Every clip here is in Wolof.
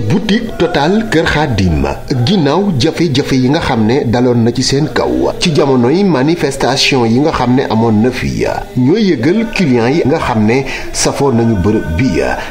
boutique Total Kër Xaadim ginnaaw jafe-jafe yi nga xam ne daloon na ci seen kaw ci jamonoy manifestation yi nga xam ne amoon na fi ñoo yëgal clients yi nga xam ne safoo nañu bërëb bi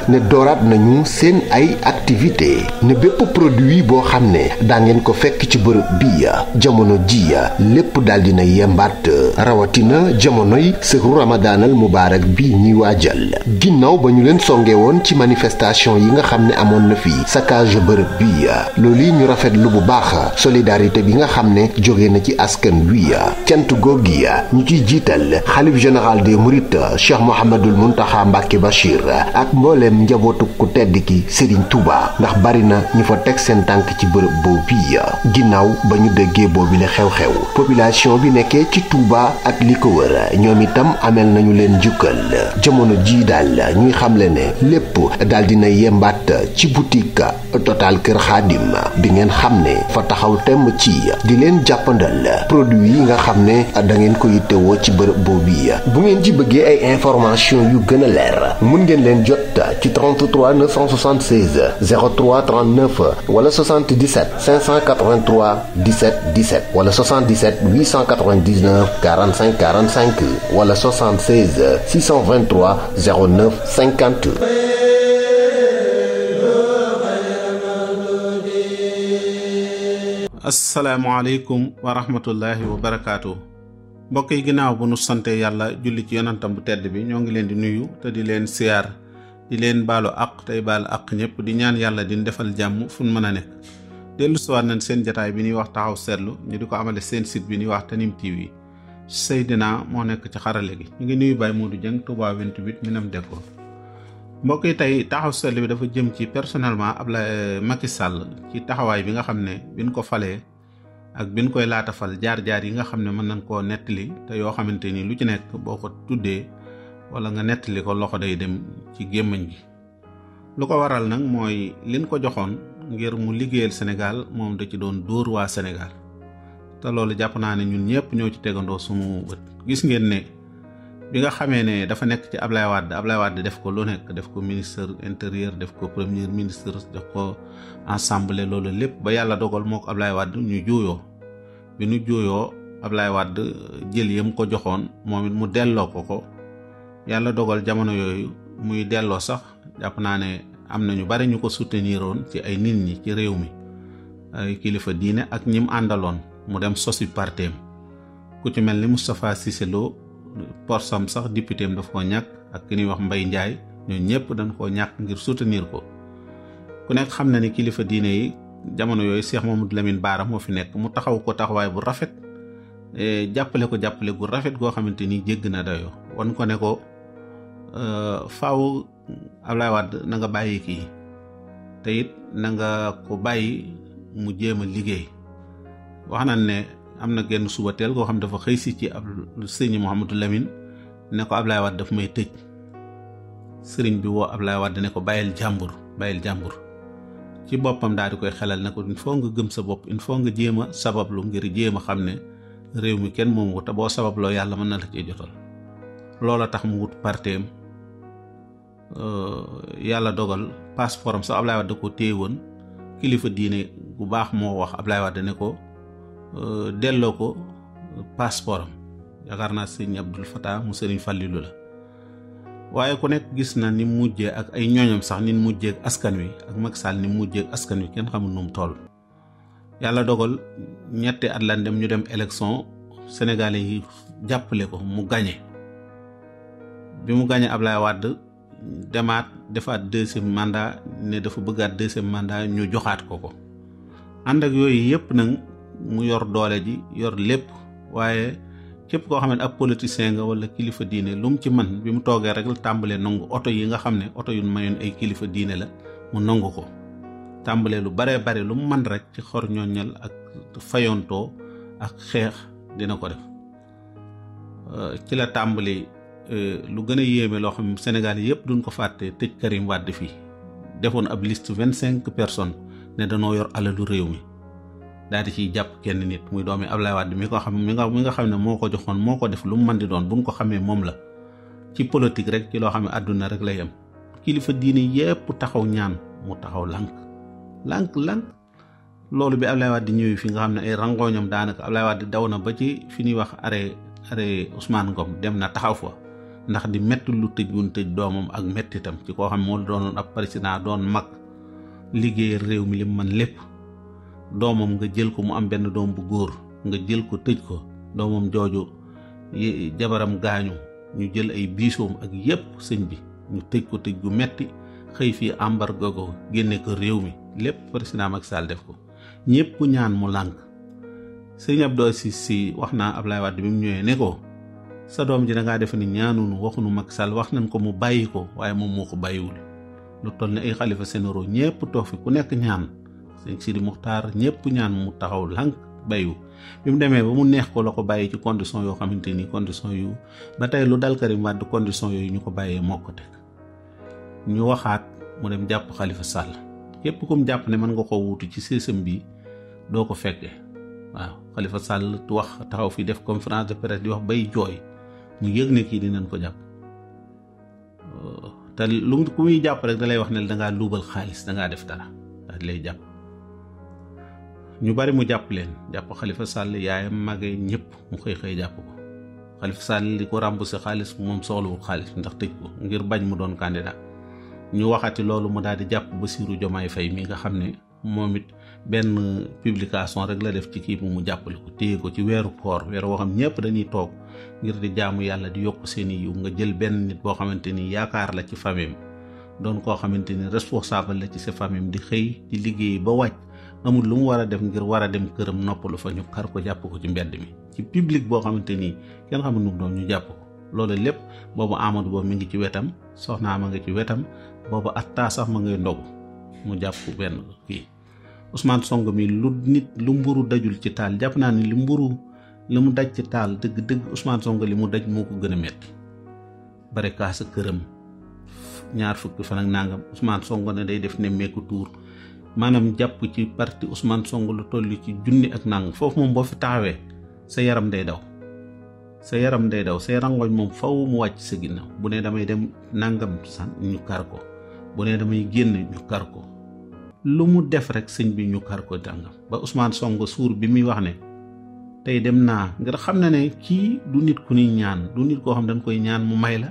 ne dooraat nañu seen ay activité ne bépp produit boo xam ne daa ngeen ko fekk ci bërëb bi jamono ji lépp daal na yembaat rawatina jamonoy sëru ramadaanal mubaarak bi ñuy waajal ginnaaw ba ñu leen songe woon ci manifestation yi nga xam ne amoon na fii saccage bërëb bi loolu yi ñu rafetlu bu baax solidarité bi nga xam ne jóge na ci askan wi cant goog yi ñu ciy jiital xalif général des mourides Cheikh Mouhamadul Mountakha Mbacké Bachir ak mbooleem njabootu ku tedd ki Serigne Touba ndax bari na ñu fa teg seen tànk ci bërëb boobu bi ginnaaw ba ñu déggee boobu la xew-xew population bi nekkee ci Touba ak li ko wër ñoom itam amel nañu leen jukkal jamono jii daal ñuy xamle ne lépp daal dina yembaat ci boutique daanaka total kër xaadim di ngeen xam ne fa taxaw temm ci di leen jàppandal produit yi nga xam ne da ngeen ko yittewoo ci bërëb boobu yi bu ngeen ci bëggee ay information yu gën a leer mun ngeen leen jot ci 33 976 03 39 wala 77 583 17 17 wala 77 899 45 45 wala 76 623 09 50 asalaamualeykum wa rahmatullahi wa barakaatu. mbokk yi ginnaaw bu nu sante yàlla julli ci yonantam bu tedd bi ñoo ngi leen di nuyu te di leen siyaar di leen baalu àq tey baalu àq ñëpp di ñaan yàlla di defal jàmm fu mën a nekk. dellu siwaat nañ seen jataay bi ñuy wax taxaw seetlu ñu di ko amale seen sit bi ñuy wax te Tanim TV Seydina moo nekk ci xarale gi ñu ngi nuyu Baye Modou Dieng Touba 28 minam deko mbokk yi tey taxaw seetlu bi dafa jëm ci personnellement Abdoulaye euh, Macky sàll ci taxawaay bi nga xam ne bin ko falee ak biñ koy laatafal jaar-jaar yi nga xam ne mën nañ koo nettali te yoo xamante ni lu ci nekk boo ko tuddee wala nga nettali ko loxo day dem ci gémmiñ gi lu ko waral nag mooy lin ko joxoon ngir mu liggéeyal Sénégal moom da ci doon dóor waa Sénégal te loolu jàpp naa ne ñun ñëpp ñoo ci tegandoo sumu bët gis ngeen ne. bi nga xamee ne dafa nekk ci Ablaye Wade Ablaye Wade def ko lu nekk def ko ministre intérieur def ko premier ministre def ko assemblée loolu lépp ba yàlla dogal moo ko Ablaye Wade ñu juuyoo bi ñu juuyoo Ablaye Wade jël yam ko joxoon moom it mu delloo ko ko yàlla dogal jamono yooyu muy delloo sax jàpp naa ne am na ñu bari ñu ko soutenir woon ci ay nit ñi ci réew mi ay kilifa diine ak ñim àndaloon mu dem sosi parteem ku ci mel ni Moustapha Cissé porsam sax député am daf koo ñàkk ak ki ñuy wax Mbay Njaay ñooñu ñëpp dañ koo ñàkk ngir soutenir ko ku nekk xam na ni kilifa diine yi jamono yooyu Cheikh Mamadou Lamine Baara moo fi nekk mu taxaw ko taxawaay bu rafet e, jàppale ko jàppale gu rafet goo xamante ni jégg na dayoo wan ko ne ko e, faaw Ablaye Wade na nga bàyyi kii te it na nga ko bàyyi mu jéem a liggéey wax nañ ne am na genn suba teel koo xam dafa xëy si ci ab sëñ Mouhamadou Lamine ne ko Ablaye Wade daf may tëj sëriñ bi woo Ablaye Wade ne ko bàyyil jàmbur bàyyil jàmbur ci boppam daal di koy xelal ne ko il faut nga gëm sa bopp il faut nga jéem a sabablu ngir jéem a xam ne réew mi kenn moom te boo sababloo yàlla mën na la cee jotal loola tax mu wut parteem euh, yàlla dogal passeport am sax Ablaye Wade da ko téye woon kilifa diine bu baax moo wax Ablaye Wade ne ko. Euh, delloo ko euh, passeport am yaakaar naa sëñ Abdul Fatah mu sëriñ Fàllilu la waaye ku nekk gis na ni mujjee ak ay ñooñam sax ni mujjee askan wi ak Macky Sall ni mujjee askan wi kenn xamul nu tool yàlla dogal ñetti at ñu dem élection sénégalais yi jàppale ko mu gañe bi mu gañe Ablaye Wade demaat defaat deuxième mandat ne dafa bëggaat deuxième mandat ñu joxaat ko ko ànd ak yooyu yëpp nag. mu yor doole ji yor lépp waaye képp koo xam ne ab politicien nga wala kilifa diine lu ci man bi mu toogee rek la tàmbalee nangu oto yi nga xam ne oto yu mayoon ay kilifa diine la mu nangu ko tàmbalee lu baree bare lu man rek ci xor ñooñal ak fayontoo ak xeex dina ko def euh, ci la tàmbali euh, lu gën a yéeme loo xam ne Sénégal yëpp duñ ko fàtte tëj Karim Wade fii defoon ab liste vingt cinq personnes ne danoo yor alalu réew mi daal di ciy jàpp kenn nit muy doomi Ablaye Wade mi ko xam mi nga mi nga xam ne moo ko joxoon moo ko def lu mu mën di doon buñ ko xamee moom la ci politique rek ci loo xam ne àdduna rek lay am kilifa diine yépp taxaw ñaan mu taxaw lànk lànk lànk loolu bi Ablaye Wade ñëwee fi nga xam ne ay rangooñam daanaka Ablaye Wade daw na ba ci fi ñuy wax arrêt arrêt Ousmane Ngom dem na taxaw fa ndax di métti lu tëj gun tëj doomam ak méttitam ci koo xam moo doon ab président doon mag liggéey réew mi li mu lépp doomam nga jël ko mu am benn doom bu góor nga jël ko tëj ko doomam jooju jabaram gaañu ñu jël ay biisoom ak yépp sëñ bi ñu tëj ko tëj gu metti xëy fii embargo ko génne ko réew mi lépp président Macky Sall def ko ñépp ñaan mu lànk sëñ doo si si wax naa Ablaye Wade bi mu ñëwee ne ko sa doom ji da ngaa defe ni ñaanunu nu mag Sall wax nañ ko mu bàyyi ko waaye moom moo ko bàyyiwul lu toll ne ay xalifa sénéro ñépp toog fi ku nekk ñaan sëñ Sidi Muxtaar ñëpp ñaan mu taxaw lànk bayu bi mu demee ba mu neex ko la ko bàyyi ci condition yoo xamante ni condition yu ba tey lu dal Karim Wade condition yooyu ñu ko bàyyee moo ko teg ñu waxaat mu dem jàpp Xalifa sàll képp ku jàpp ne man nga ko wuutu ci sésam bi doo ko fekke waaw Xalifa Sall wax taxaw fi def conférence de presse di wax bay jooy mu yëg ne kii dinañ ko jàpp oh, te lu ku muy jàpp rek da lay wax ne dangaa luubal xaalis dangaa def dara lay jàpp ñu bari mu jàpp leen jàpp Xalifa sàll yaayam màggee ñëpp mu xëy xëy jàpp ko Xalifa Sall li ko ràmbu si xaalis moom soxlawul xaalis ndax tëj ko ngir bañ mu doon candidat ñu waxati loolu mu daal di jàpp ba Bassirou Diomaye fay mi nga xam ne moom it benn publication rek la def ci kii bi mu jàppale ko téye ko ci weeru koor weer woo xam ñëpp dañuy toog ngir di jaamu yàlla di yokk seen i yiw nga jël benn nit boo xamante ni yaakaar la ci famille doon koo xamante ni responsable la ci sa famille di xëy di ba wàcc amul lu mu war a def ngir war a dem këram noppalu fa ñu xar ko jàpp ko ci mbedd mi ci public boo xamante nii kenn xamul nu mu doon ñu jàpp ko loolu lépp boobu amatu Ba mi ngi ci wetam soxnaa ma nga ci wetam booba attaa sax ma ngay ndogu mu jàpp benn kii usmaan Sonko mi lu nit lu mburu dajul ci taal jàpp naa ni li mburu li mu daj ci taal dëgg dëgg Ousmane Sonko li mu daj moo ko gën a métti bare kaasa këram ñaar fukki fan ak nangam Ousmane Sonko day def nemmeeku tuur maanaam jàpp ci parti Ousmane song lu toll ci junni ak nàng foofu moom boo fi taxawee sa yaram day daw sa yaram day daw say rangoñ moom faw mu wàcc sa ginnaaw bu ne damay dem nàngam san ñu kar ko bu ne damay génn ñu kar ko lu mu def rek sëñ bi ñu kar ko dàngam ba Ousmane Sonko suur bi muy wax ne tey dem naa ngir xam na ne kii du nit ku ni ñaan du nit koo xam dañ koy ñaan mu may la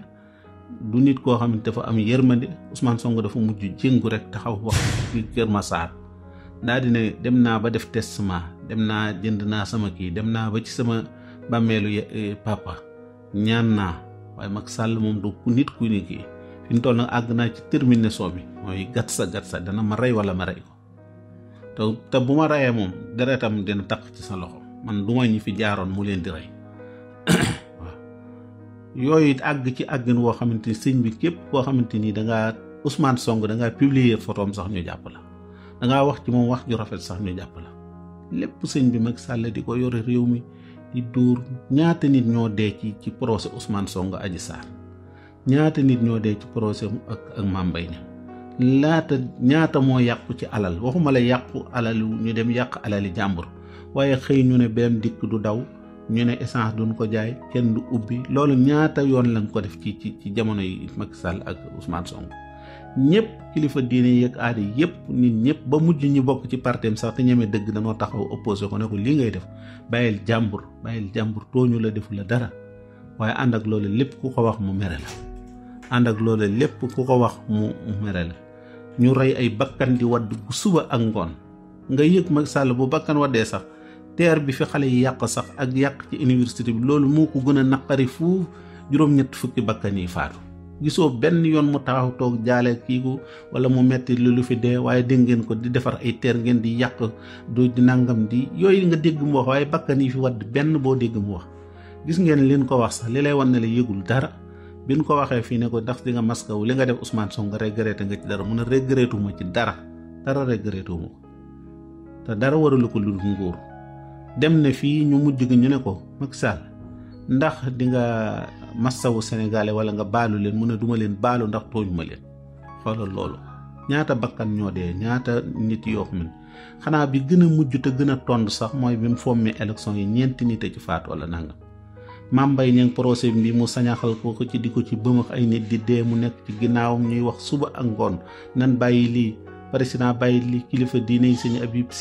du nit koo xam dafa am yërmande Ousmane Sonko dafa mujj jéngu rek taxaw wax ci Kër Massar daa di ne dem naa ba def tes testament dem naa jënd naa sama kii dem naa ba ci sama bàmmeelu eh, papa ñaan naa waaye Macky Sall moom du ku nit ku ni kii fi nag àgg naa ci terminaison bi mooy gàtt sa dana ma rey wala ma rey ko te te bu ma reyee moom deretam dina taq ci sa loxo man du ma ñi fi jaaroon mu leen di rey. yooyu it àgg ci àgg àggin woo xamante ni sëñ bi képp koo xamante ni dangaa Ousmane Sonko dangaa publier photom sax ñu jàpp la dangaa wax ci moom wax ju rafet sax ñu jàpp la lépp sëñ bi mag sàll di ko yore réew mi di dóor ñaata nit ñoo dee ci ci procès Ousmane aji Adji Sarr ñaata nit ñoo dee ci procès mu ak ak Mame Mbaye Niang laata ñaata moo yàqu ci alal waxuma la yàqu alalu ñu dem yàq alali jàmbur waaye xëy ñu ne benn dikk du daw ñu ne essence duñ ko jaay kenn du ubbi loolu ñaata yoon lañ ko def ci ci ci jamono yi Macky Sall ak Ousmane Sonko ñëpp kilifa diine yi ak aada yëpp nit ñëpp ba mujj ñi bokk ci parteem sax te ñeme dëgg danoo taxaw opposé ko ne ko lii ngay def bàyyil jàmbur bàyyil jàmbur tooñu la defu la dara waaye ànd ak loolu lépp ku ko wax mu mere la ànd ak loole lépp ku ko wax mu mere la ñu rey ay bakkan di wadd bu suba ak ngoon nga yëg Macky Sall bu bakkan waddee sax teer bi fi xale yi yàq sax ak yàq ci université bi loolu moo ko gën a naqari fuuf juróom-ñett fukki bakkan yi faatu gisoo benn yoon mu taxaw toog jaale kii ko wala mu metti lu lu fi dee waaye dégg ngeen ko di defar ay teer ngeen di yàq du di nangam di yooyu nga dégg mu wax waaye bakkan yi fi wadd benn boo dégg mu wax gis ngeen leen ko wax sax li lay wan ne la yëgul dara bin ko waxee fii ne ko ndax di nga maska wu li nga def Ousmane Sonko regretté nga ci dara mu ne regrettu ma ci dara dara regrettu dara waralu ko lu nguur dem na fii ñu mujj gi ñu ne ko Macky Sall ndax di nga massawu sénégalais wala nga baalu leen mu ne duma leen baalu ndax tooñuma leen xoolal loolu ñaata bakkan ñoo dee ñaata nit yoo xam bi gën a mujj te gën a tond sax mooy bi mu fommee élection yi ñeenti nit a ci faatu wala nangam Mame Mbaye Niang procès bi mu sañaxal ko ci di ko ci bëmax ay nit di dee mu nekk ci ginnaawam ñuy wax suba ak ngoon nan bàyyi lii président bàyyi lii kilifa diine yi sëñ Habib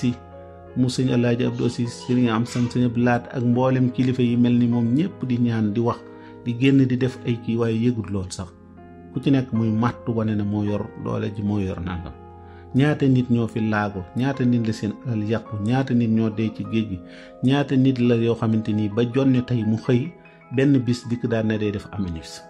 mu sëñ Alaaji Abdu Asiis sëriñ am sam sëñ Abdu Laat ak mboolem kilifa yi mel ni moom ñëpp di ñaan di wax di génn di def ay kii waaye yëgut lool sax ku ci nekk muy màttu wane na moo yor doole ji moo yor nangam ñaata nit ñoo fi laago ñaata nit la seen alal yàqu ñaata nit ñoo dee ci géej gi ñaata nit la yoo xamante ni ba jonne tey mu xëy benn bis dikk daan na day def amnistie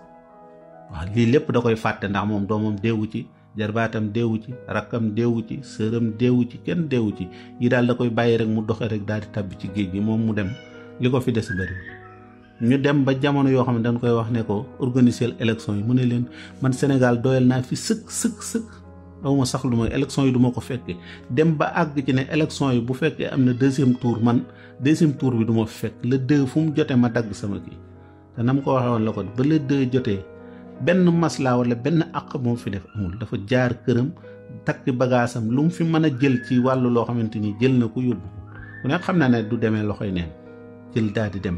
waaw lii lépp da koy fàtte ndax moom doomam deewu ci jarbaatam deewu ci rakkam deewu ci sëram deewu ci kenn deewu ci yi daal da koy bàyyi rek mu doxe rek daal di tàbbi ci géej gi moom mu dem li ko fi des bëri ñu dem ba jamono yoo xam ne dañ koy wax ne ko organiser élection yi mu ne leen man Sénégal doyal naa fi sëkk sëkk sëkk awma sax lu ma élection yi duma ko fekkee dem ba àgg ci ne élection yi bu fekkee am na deuxième tour man deuxième tour bi duma fekk le deux fu mu jotee ma dagg sama kii te na ko waxee benn maslaa wala benn àq moo fi def amul dafa jaar këram takk bagaasam lu mu fi mën a jël ci wàllu loo xamante ni jël na ko yóbbu ku ne xam na ne du demee loxoy neen jël daal di dem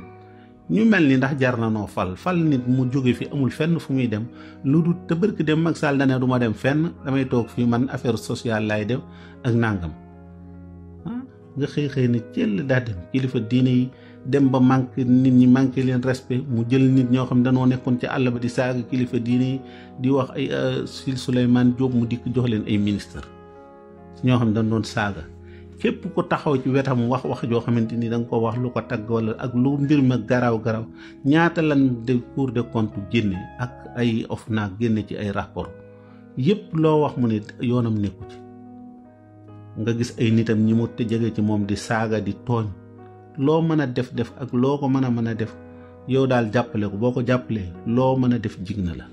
ñu mel ni ndax jar na noo fal fal nit mu jóge fi amul fenn fu muy dem lu du tëbër bërki dem Macky Sall dane du ma dem fenn damay toog fii man affaire sociale lay ah, dem ak nàngam nga xëy xëy na jël daa kilifa diine yi dem ba manqué nit ñi manqué leen respect mu jël nit ñoo xam ne dañoo nekkoon ci àll ba di saaga kilifa diine di wax ay sil euh, Souleymane Diop mu dikk jox leen ay ministre ñoo xam ne dañ doon saaga képp ko taxaw ci wetam wax wax joo xamante ni danga ko wax lu ko tagg wala ak lu mbir ma garaaw garaaw ñaata lan de Cour de comptes génne ak ay OFNAC génne ci ay raport yépp loo wax mu ne yoonam nekku ci nga gis ay nitam ñi mu te jege ci moom di saaga di tooñ loo mën a def def ak loo ko mën a mën a def yow daal jàppale ko boo ko jàppalee loo mën a def jig na la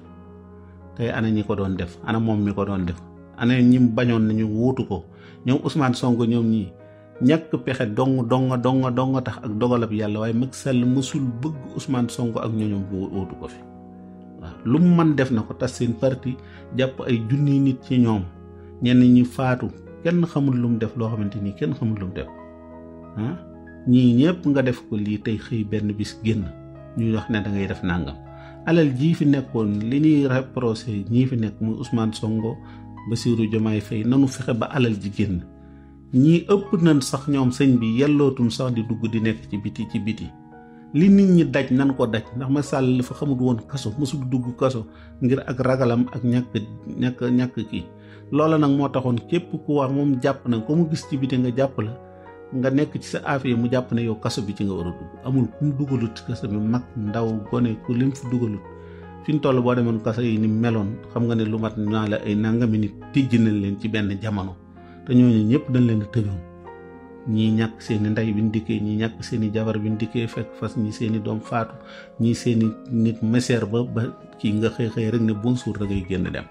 tey ana ñi ko doon def ana moom mi ko doon def ana ñi bañoon nañu wuutu ko ñoom usmaan Sonko ñoom ñii ñàkk pexe dong dong dong dong tax ak dogalab yàlla waaye Macky Sall mësul bëgg Ousmane Sonko ak ñooñu wuutu ko fi lu mu mën def na ko tas seen parti jàpp ay junni nit ci ñoom ñenn ñi faatu kenn xamul lu mu def loo xamante ni kenn xamul lu mu def ah. ñii ñëpp nga def ko lii tey xëy benn bis génn ñuy wax ne da ngay def nàngam alal jii fi nekkoon li ñuy reproché ñii fi nekk muy usmaan Ousmane ba Bassirou jomaay Faye nanu fexe ba alal ji génn ñii ëpp nañ sax ñoom sëñ bi yellootum sax di dugg di nekk ci biti ci biti li nit ñi daj nan ko daj ndax ma sàll dafa xamut woon kaso mësul dugg kaso ngir ak ragalam ak ñàkk ñàkk ñàkk kii loola nag moo taxoon képp ku war moom jàpp na ko mu gis ci biti nga jàpp nga nekk ci sa affaire mu jàpp ne yow kaso bi ci nga war a dugg amul ku mu dugalut kaso bi mag ndaw gone ku lim fu dugalut fi ñu toll boo demoon kaso yi ni meloon xam nga ne lu mat naa la ay nangami nit tijji nañ leen ci benn jamono te ñooñu ñëpp dañ leen a tëjoon ñii ñàkk seeni ndey bi ñu dikkee ñii ñàkk seeni jabar bi ñu dikkee fekk fas ñii seeni doom faatu ñii seeni nit meseer ba ba kii nga xëy xëy rek ne bonjour da ngay génn dem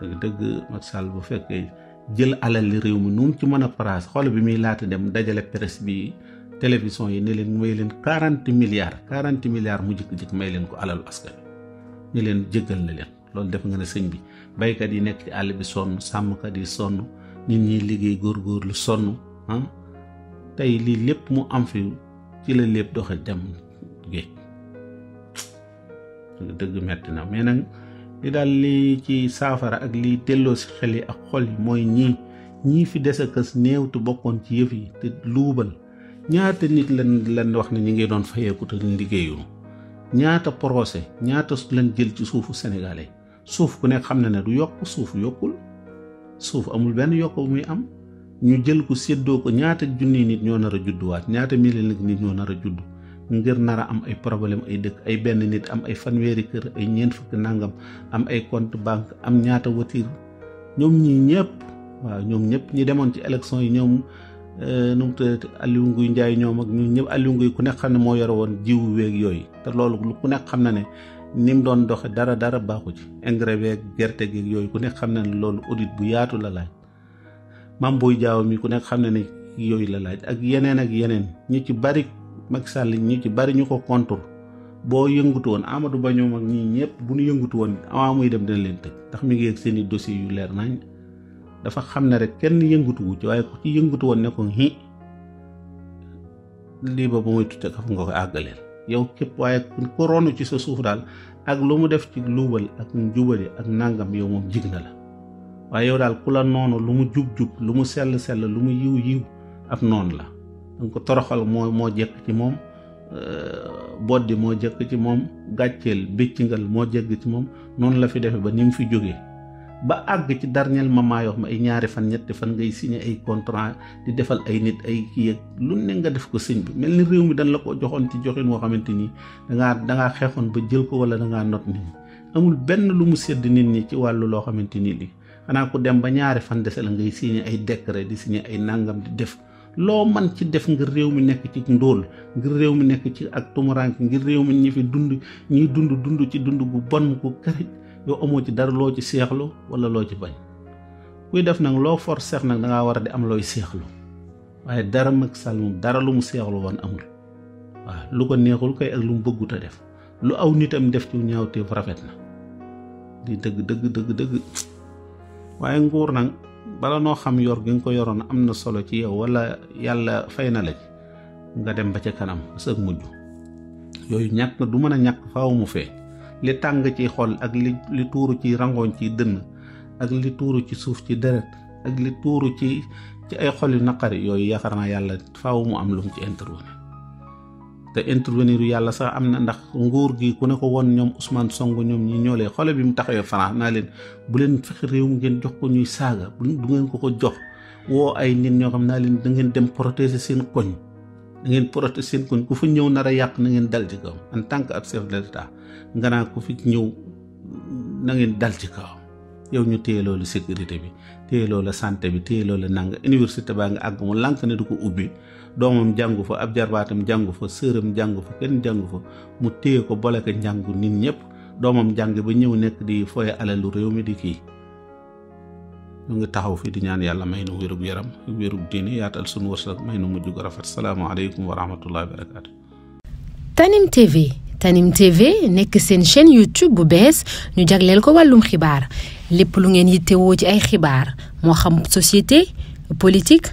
dëgg dëgg Macky Sall bu fekkee. jël alal li réew mi nu mu ci mën a paraas xool bi muy laata dem dajale presse bi télévision yi ne leen may leen quarante milliards quarante milliards mu jëkk-jëkk may leen ko alalu askan ne leen jëggal na leen loolu def nga ne sëñ bi baykat yi nekk ci àll bi sonn sàmmkat yi sonn nit ñi liggéey lu sonn ah tey lii lépp mu am fi ci la lépp doxe dem géej li daal li ci saafara ak liy delloo si xel yi ak xol yi mooy ñii ñii fi des a kës néew te bokkoon ci yëf yi te luubal ñaata nit lan lan wax ne ñi ngi doon fayeeku te liggéeyu ñaata procès ñaata lan jël ci suufu sénégalais suuf ku nekk xam na ne du yokk suuf yokkul suuf amul benn yokk bu muy am ñu jël ko séddoo ko ñaata junni nit ñoo nar a judduwaat ñaata million nit ñoo nar a juddu ngir nar a am ay problème ay dëkk ay benn nit am ay fanweeri kër ay ñeent fukki nangam am ay compte banque am ñaata voiture ñoom ñii ñëpp waaw ñoom ñëpp ñi demoon ci élection yi ñoom euh, nu mu tuddati Aliou Nguy Ndiaye ñoom ak ñun ñëpp Aliou Nguy ku nekk xam ne moo yore woon jiwu weeg yooyu te loolu ku nekk xam na ne ni mu doon doxe dara dara baaxu ci engrais week gerte geeg yooyu ku nekk xam na ne loolu audit bu yaatu la laaj Mame Boye Diao mi ku nekk xam na ne yooyu la laaj ak yeneen ak yeneen Macky Sall ñu ci bari ñu ko contre boo yëngutu woon Amadou Ba ñoom ak ñii ñëpp bu ñu yëngutu woon avant muy dem dina leen tëj ndax mi ngi yegg seen i yu leer nañ dafa xam ne rek kenn yëngutu wu ci waaye ku ci yëngutu woon ne ko hi lii ba ba yow képp waaye ku ronu ci sa suuf daal ak lu mu def ci luubal ak njubali ak nangam yow moom jig na la waaye yow daal ku la noonu lu mu jub-jub lu mu sell sell lu mu yiw yiw ab noon la danga ko toroxal moo moo jekk ci moom euh, boddi moo jekk ci moom gàcceel béccingal moo jekk ci moom noonu la fi defe ba ni mu fi jógee ba àgg ci dernier moment yoo xam ay ñaari fan ñetti fan ngay signé ay contrant di defal ay nit ay kii ak lu ne nga def ko sëñ bi mel ni réew mi dañ la ko joxoon ci joxin woo xamante ni dangaa dangaa xeexoon ba jël ko wala dangaa not nit ñi amul benn lu mu sedd nit ñi ci wàllu loo xamante ni xanaa ko dem ba ñaari fan dese la ngay signé ay décret di signé ay nangam di def loo man ci def ngir réew mi nekk ci ndóol ngir réew mi nekk ci ak tumuraank ngir réew mi ñi fi dund ñiy dund dund ci dund bu bon ku karit yoo amoo ci dara loo ci seexlu wala loo ci bañ kuy def nag loo for seex nag dangaa war a di am looy seexlu waaye dara mag sal moom dara lu mu seexlu woon amul waaw lu ko neexul kay ak lu mu bëggut def lu aw nitam def ci ñaawteef rafet na di dëgg dëgg dëgg dëgg waaye nguur nag bala noo xam yor gi nga ko yoroon am na solo ci yow wala yàlla fay na la nga dem ba ca kanam sëg mujj yooyu ñàkk du mën a ñàkk faaw mu fee li tàng ci xol ak li li tuuru ci rangoñ ci dënn ak li tuuru ci suuf ci deret ak li tuuru ci ci ay xol yu naqari yooyu yaakaar naa yàlla faaw mu am lu ci intervenir te intervenir yàlla sax am na ndax nguur gi ku ne ko woon ñoom Ousmane Sonko ñoom ñi ñoo lee xoole bi mu taxawee France naa leen bu leen fexe réew mu ngeen jox ko ñuy saaga du ngeen ko ko jox woo ay nit ñoo xam naa leen da ngeen dem protéger seen koñ da ngeen protéger seen koñ ku fa ñëw nar a yàq na ngeen dal ci kawam en tant que ab chef de l'État nga naa ku fi ñëw na ngeen dal ci kawam yow ñu téye loolu sécurité bi téye loolu santé bi téye loolu nanga université baa nga àgg mu lànk ne du ko ubbi doomam jàngu fa ab jarbaatam jàngu fa sëram jàngu fa kenn jàngu fa mu téye ko boole ko njàngu nit ñëpp doomam jàng ba ñëw nekk di foye alalu réew mi di kii ñu ngi taxaw fi di ñaan yàlla may nu wérub yaram wérub diini yaatal sunu wërsëg may nu mujj gu rafet salaamaaleykum wa rahmatullahi wa barakaatu. Tanim TV Tanim TV nekk seen chaîne YouTube bu bees ñu jagleel ko wàllum xibaar lépp lu ngeen yittewoo ci ay xibaar moo xam société politique.